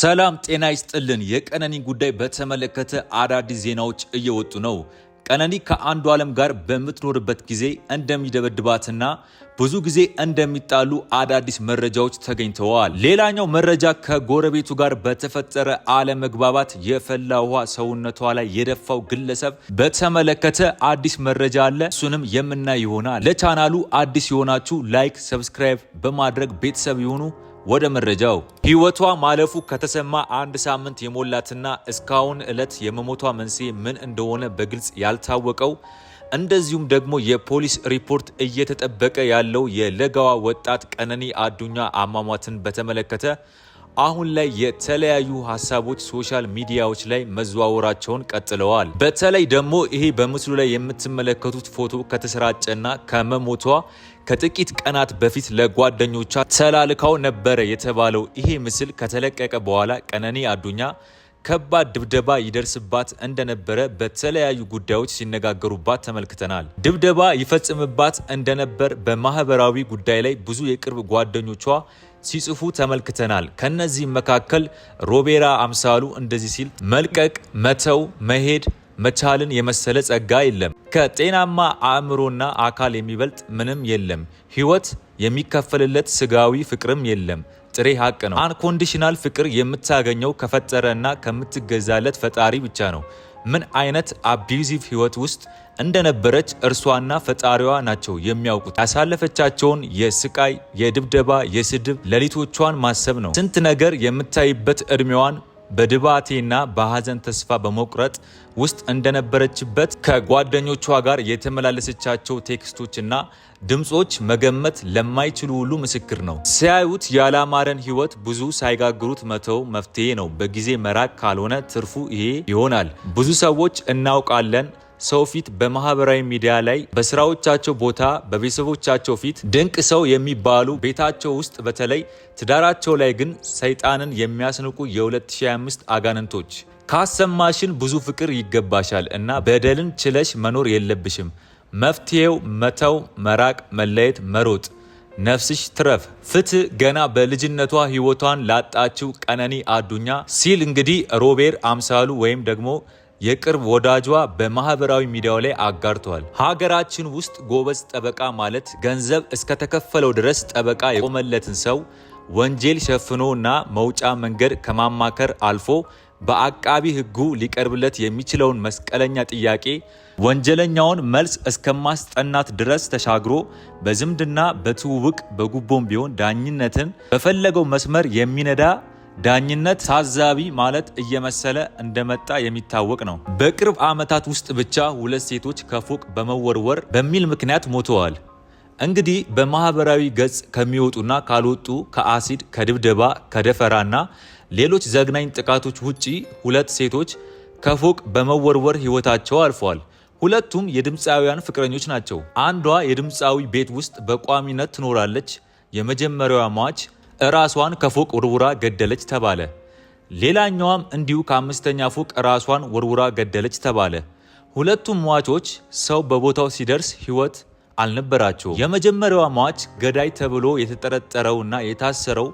ሰላም ጤና ይስጥልን። የቀነኒን ጉዳይ በተመለከተ አዳዲስ ዜናዎች እየወጡ ነው። ቀነኒ ከአንዱ ዓለም ጋር በምትኖርበት ጊዜ እንደሚደበድባትና ብዙ ጊዜ እንደሚጣሉ አዳዲስ መረጃዎች ተገኝተዋል። ሌላኛው መረጃ ከጎረቤቱ ጋር በተፈጠረ አለመግባባት የፈላ ውሃ ሰውነቷ ላይ የደፋው ግለሰብ በተመለከተ አዲስ መረጃ አለ። እሱንም የምናይ ይሆናል። ለቻናሉ አዲስ የሆናችሁ ላይክ፣ ሰብስክራይብ በማድረግ ቤተሰብ ይሁኑ። ወደ መረጃው ህይወቷ ማለፉ ከተሰማ አንድ ሳምንት የሞላትና እስካሁን ዕለት የመሞቷ መንስኤ ምን እንደሆነ በግልጽ ያልታወቀው እንደዚሁም ደግሞ የፖሊስ ሪፖርት እየተጠበቀ ያለው የለጋዋ ወጣት ቀነኒ አዱኛ አሟሟትን በተመለከተ አሁን ላይ የተለያዩ ሀሳቦች ሶሻል ሚዲያዎች ላይ መዘዋወራቸውን ቀጥለዋል። በተለይ ደግሞ ይሄ በምስሉ ላይ የምትመለከቱት ፎቶ ከተሰራጨና ከመሞቷ ከጥቂት ቀናት በፊት ለጓደኞቿ ተላልካው ነበረ የተባለው ይሄ ምስል ከተለቀቀ በኋላ ቀነኒ አዱኛ ከባድ ድብደባ ይደርስባት እንደነበረ በተለያዩ ጉዳዮች ሲነጋገሩባት ተመልክተናል። ድብደባ ይፈጽምባት እንደነበር በማህበራዊ ጉዳይ ላይ ብዙ የቅርብ ጓደኞቿ ሲጽፉ ተመልክተናል። ከነዚህም መካከል ሮቤራ አምሳሉ እንደዚህ ሲል መልቀቅ፣ መተው፣ መሄድ መቻልን የመሰለ ጸጋ የለም። ከጤናማ አእምሮና አካል የሚበልጥ ምንም የለም። ህይወት የሚከፈልለት ስጋዊ ፍቅርም የለም። ጥሬ ሀቅ ነው። አንኮንዲሽናል ፍቅር የምታገኘው ከፈጠረ ከምትገዛለት ፈጣሪ ብቻ ነው። ምን አይነት አቢዩዚቭ ህይወት ውስጥ እንደነበረች እርሷና ፈጣሪዋ ናቸው የሚያውቁት። ያሳለፈቻቸውን የስቃይ፣ የድብደባ፣ የስድብ ሌሊቶቿን ማሰብ ነው። ስንት ነገር የምታይበት እድሜዋን በድባቴና በሐዘን ተስፋ በመቁረጥ ውስጥ እንደነበረችበት ከጓደኞቿ ጋር የተመላለሰቻቸው ቴክስቶችና ድምፆች መገመት ለማይችሉ ሁሉ ምስክር ነው። ሲያዩት ያላማረን ህይወት ብዙ ሳይጋግሩት መተው መፍትሄ ነው። በጊዜ መራቅ ካልሆነ ትርፉ ይሄ ይሆናል። ብዙ ሰዎች እናውቃለን ሰው ፊት በማህበራዊ ሚዲያ ላይ በስራዎቻቸው ቦታ በቤተሰቦቻቸው ፊት ድንቅ ሰው የሚባሉ ቤታቸው ውስጥ በተለይ ትዳራቸው ላይ ግን ሰይጣንን የሚያስንቁ የ2025 አጋንንቶች ካሰማሽን ብዙ ፍቅር ይገባሻል እና በደልን ችለሽ መኖር የለብሽም። መፍትሄው መተው፣ መራቅ፣ መለየት፣ መሮጥ። ነፍስሽ ትረፍ። ፍትህ ገና በልጅነቷ ህይወቷን ላጣችው ቀነኒ አዱኛ ሲል እንግዲህ ሮቤር አምሳሉ ወይም ደግሞ የቅርብ ወዳጇ በማህበራዊ ሚዲያው ላይ አጋርተዋል። ሀገራችን ውስጥ ጎበዝ ጠበቃ ማለት ገንዘብ እስከተከፈለው ድረስ ጠበቃ የቆመለትን ሰው ወንጀል ሸፍኖ እና መውጫ መንገድ ከማማከር አልፎ በአቃቢ ሕጉ ሊቀርብለት የሚችለውን መስቀለኛ ጥያቄ ወንጀለኛውን መልስ እስከማስጠናት ድረስ ተሻግሮ በዝምድና፣ በትውውቅ፣ በጉቦም ቢሆን ዳኝነትን በፈለገው መስመር የሚነዳ ዳኝነት ታዛቢ ማለት እየመሰለ እንደመጣ የሚታወቅ ነው። በቅርብ ዓመታት ውስጥ ብቻ ሁለት ሴቶች ከፎቅ በመወርወር በሚል ምክንያት ሞተዋል። እንግዲህ በማህበራዊ ገጽ ከሚወጡና ካልወጡ ከአሲድ፣ ከድብደባ፣ ከደፈራና ሌሎች ዘግናኝ ጥቃቶች ውጪ ሁለት ሴቶች ከፎቅ በመወርወር ሕይወታቸው አልፏል። ሁለቱም የድምፃውያን ፍቅረኞች ናቸው። አንዷ የድምፃዊ ቤት ውስጥ በቋሚነት ትኖራለች። የመጀመሪያዋ ሟች ራሷን ከፎቅ ውርውራ ገደለች ተባለ። ሌላኛዋም እንዲሁ ከአምስተኛ ፎቅ ራሷን ውርውራ ገደለች ተባለ። ሁለቱም ሟቾች ሰው በቦታው ሲደርስ ሕይወት አልነበራቸው። የመጀመሪያዋ ሟች ገዳይ ተብሎ የተጠረጠረውና የታሰረው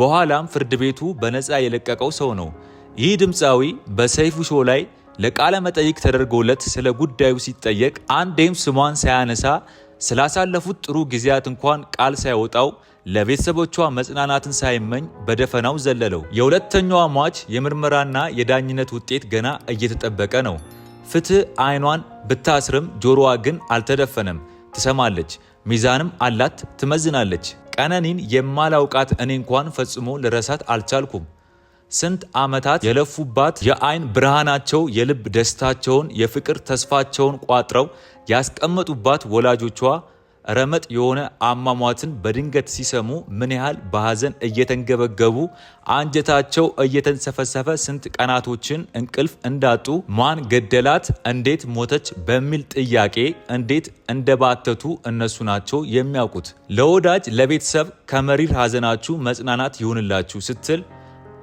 በኋላም ፍርድ ቤቱ በነፃ የለቀቀው ሰው ነው። ይህ ድምፃዊ በሰይፉ ሾው ላይ ለቃለ መጠይቅ ተደርጎለት ስለ ጉዳዩ ሲጠየቅ አንዴም ስሟን ሳያነሳ ስላሳለፉት ጥሩ ጊዜያት እንኳን ቃል ሳይወጣው ለቤተሰቦቿ መጽናናትን ሳይመኝ በደፈናው ዘለለው። የሁለተኛዋ ሟች የምርመራና የዳኝነት ውጤት ገና እየተጠበቀ ነው። ፍትህ አይኗን ብታስርም ጆሮዋ ግን አልተደፈነም። ትሰማለች፣ ሚዛንም አላት፣ ትመዝናለች። ቀነኒን የማላውቃት እኔ እንኳን ፈጽሞ ልረሳት አልቻልኩም። ስንት ዓመታት የለፉባት የአይን ብርሃናቸው የልብ ደስታቸውን፣ የፍቅር ተስፋቸውን ቋጥረው ያስቀመጡባት ወላጆቿ ረመጥ የሆነ አሟሟትን በድንገት ሲሰሙ ምን ያህል በሐዘን እየተንገበገቡ አንጀታቸው እየተንሰፈሰፈ ስንት ቀናቶችን እንቅልፍ እንዳጡ ማን ገደላት፣ እንዴት ሞተች በሚል ጥያቄ እንዴት እንደባተቱ እነሱ ናቸው የሚያውቁት። ለወዳጅ ለቤተሰብ ከመሪር ሐዘናችሁ መጽናናት ይሁንላችሁ ስትል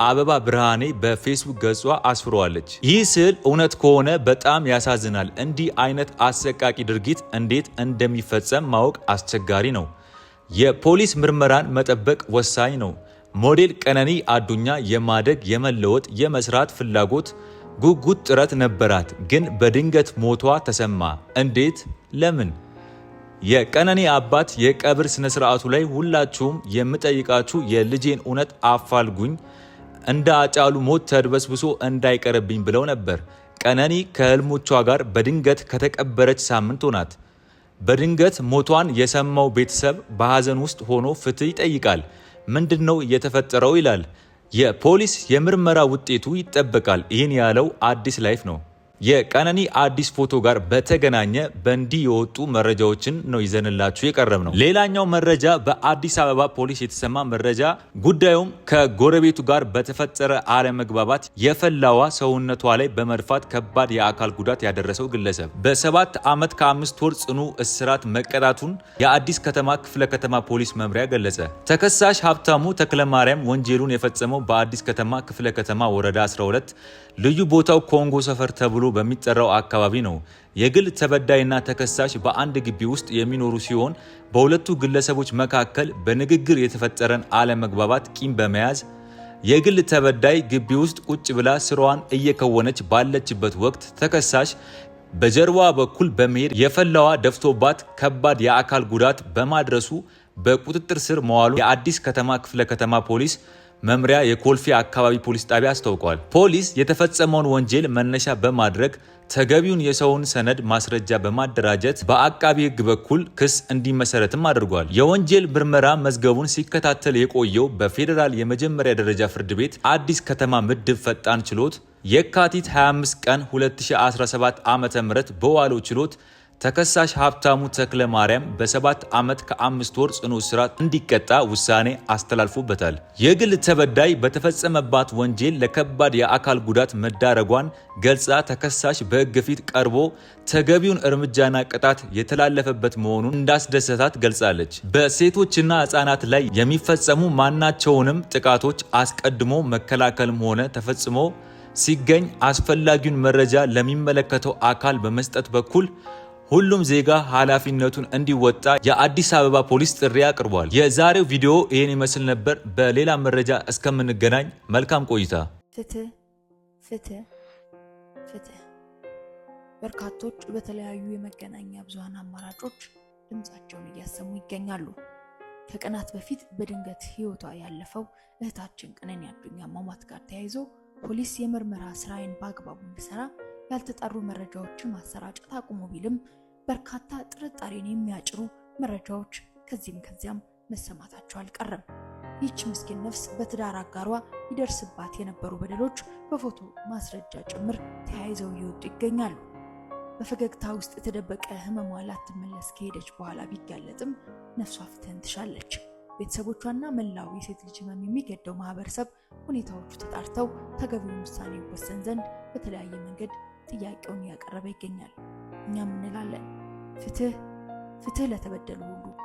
አበባ ብርሃኔ በፌስቡክ ገጿ አስፍረዋለች። ይህ ስዕል እውነት ከሆነ በጣም ያሳዝናል። እንዲህ አይነት አሰቃቂ ድርጊት እንዴት እንደሚፈጸም ማወቅ አስቸጋሪ ነው። የፖሊስ ምርመራን መጠበቅ ወሳኝ ነው። ሞዴል ቀነኒ አዱኛ የማደግ የመለወጥ፣ የመስራት ፍላጎት ጉጉት ጥረት ነበራት። ግን በድንገት ሞቷ ተሰማ። እንዴት? ለምን? የቀነኒ አባት የቀብር ስነ ስርዓቱ ላይ ሁላችሁም የምጠይቃችሁ የልጄን እውነት አፋልጉኝ እንደ አጫሉ ሞት ተድበስብሶ እንዳይቀርብኝ ብለው ነበር። ቀነኒ ከህልሞቿ ጋር በድንገት ከተቀበረች ሳምንት ሆናት። በድንገት ሞቷን የሰማው ቤተሰብ በሐዘን ውስጥ ሆኖ ፍትህ ይጠይቃል። ምንድን ነው የተፈጠረው ይላል። የፖሊስ የምርመራ ውጤቱ ይጠበቃል። ይህን ያለው አዲስ ላይፍ ነው። የቀነኒ አዲስ ፎቶ ጋር በተገናኘ በእንዲህ የወጡ መረጃዎችን ነው ይዘንላችሁ የቀረብ ነው። ሌላኛው መረጃ በአዲስ አበባ ፖሊስ የተሰማ መረጃ ጉዳዩም ከጎረቤቱ ጋር በተፈጠረ አለመግባባት የፈላዋ ሰውነቷ ላይ በመድፋት ከባድ የአካል ጉዳት ያደረሰው ግለሰብ በሰባት ዓመት ከአምስት ወር ጽኑ እስራት መቀጣቱን የአዲስ ከተማ ክፍለ ከተማ ፖሊስ መምሪያ ገለጸ። ተከሳሽ ሀብታሙ ተክለማርያም ወንጀሉን የፈጸመው በአዲስ ከተማ ክፍለ ከተማ ወረዳ 12 ልዩ ቦታው ኮንጎ ሰፈር ተብሎ በሚጠራው አካባቢ ነው። የግል ተበዳይና ተከሳሽ በአንድ ግቢ ውስጥ የሚኖሩ ሲሆን በሁለቱ ግለሰቦች መካከል በንግግር የተፈጠረን አለመግባባት ቂም በመያዝ የግል ተበዳይ ግቢ ውስጥ ቁጭ ብላ ስራዋን እየከወነች ባለችበት ወቅት ተከሳሽ በጀርባዋ በኩል በመሄድ የፈላዋ ደፍቶባት ከባድ የአካል ጉዳት በማድረሱ በቁጥጥር ስር መዋሉ የአዲስ ከተማ ክፍለ ከተማ ፖሊስ መምሪያ የኮልፌ አካባቢ ፖሊስ ጣቢያ አስታውቋል። ፖሊስ የተፈጸመውን ወንጀል መነሻ በማድረግ ተገቢውን የሰውን ሰነድ ማስረጃ በማደራጀት በአቃቢ ሕግ በኩል ክስ እንዲመሰረትም አድርጓል። የወንጀል ምርመራ መዝገቡን ሲከታተል የቆየው በፌዴራል የመጀመሪያ ደረጃ ፍርድ ቤት አዲስ ከተማ ምድብ ፈጣን ችሎት የካቲት 25 ቀን 2017 ዓ.ም በዋለው ችሎት ተከሳሽ ሀብታሙ ተክለ ማርያም በሰባት ዓመት ከአምስት ወር ጽኑ እስራት እንዲቀጣ ውሳኔ አስተላልፎበታል። የግል ተበዳይ በተፈጸመባት ወንጀል ለከባድ የአካል ጉዳት መዳረጓን ገልጻ ተከሳሽ በሕግ ፊት ቀርቦ ተገቢውን እርምጃና ቅጣት የተላለፈበት መሆኑን እንዳስደሰታት ገልጻለች። በሴቶችና ሕፃናት ላይ የሚፈጸሙ ማናቸውንም ጥቃቶች አስቀድሞ መከላከልም ሆነ ተፈጽሞ ሲገኝ አስፈላጊውን መረጃ ለሚመለከተው አካል በመስጠት በኩል ሁሉም ዜጋ ኃላፊነቱን እንዲወጣ የአዲስ አበባ ፖሊስ ጥሪ አቅርቧል። የዛሬው ቪዲዮ ይህን ይመስል ነበር። በሌላ መረጃ እስከምንገናኝ መልካም ቆይታ። ፍትህ፣ ፍትህ፣ ፍትህ። በርካቶች በተለያዩ የመገናኛ ብዙሃን አማራጮች ድምፃቸውን እያሰሙ ይገኛሉ። ከቀናት በፊት በድንገት ህይወቷ ያለፈው እህታችን ቀነኒ አዱኛ አሟሟት ጋር ተያይዞ ፖሊስ የምርመራ ስራዬን በአግባቡ እንድሰራ ያልተጣሩ መረጃዎችን ማሰራጨት አቁሙ ቢልም በርካታ ጥርጣሬን የሚያጭሩ መረጃዎች ከዚህም ከዚያም መሰማታቸው አልቀረም። ይህች ምስኪን ነፍስ በትዳር አጋሯ ይደርስባት የነበሩ በደሎች በፎቶ ማስረጃ ጭምር ተያይዘው እየወጡ ይገኛሉ። በፈገግታ ውስጥ የተደበቀ ሕመሟ ላትመለስ ከሄደች በኋላ ቢጋለጥም ነፍሷ ፍትህን ትሻለች። ቤተሰቦቿና መላው የሴት ልጅ ሕመም የሚገደው ማህበረሰብ ሁኔታዎቹ ተጣርተው ተገቢውን ውሳኔ ይወሰን ዘንድ በተለያየ መንገድ ጥያቄውን እያቀረበ ይገኛል። እኛም እንላለን ፍትህ ፍትህ ለተበደሉ ሁሉ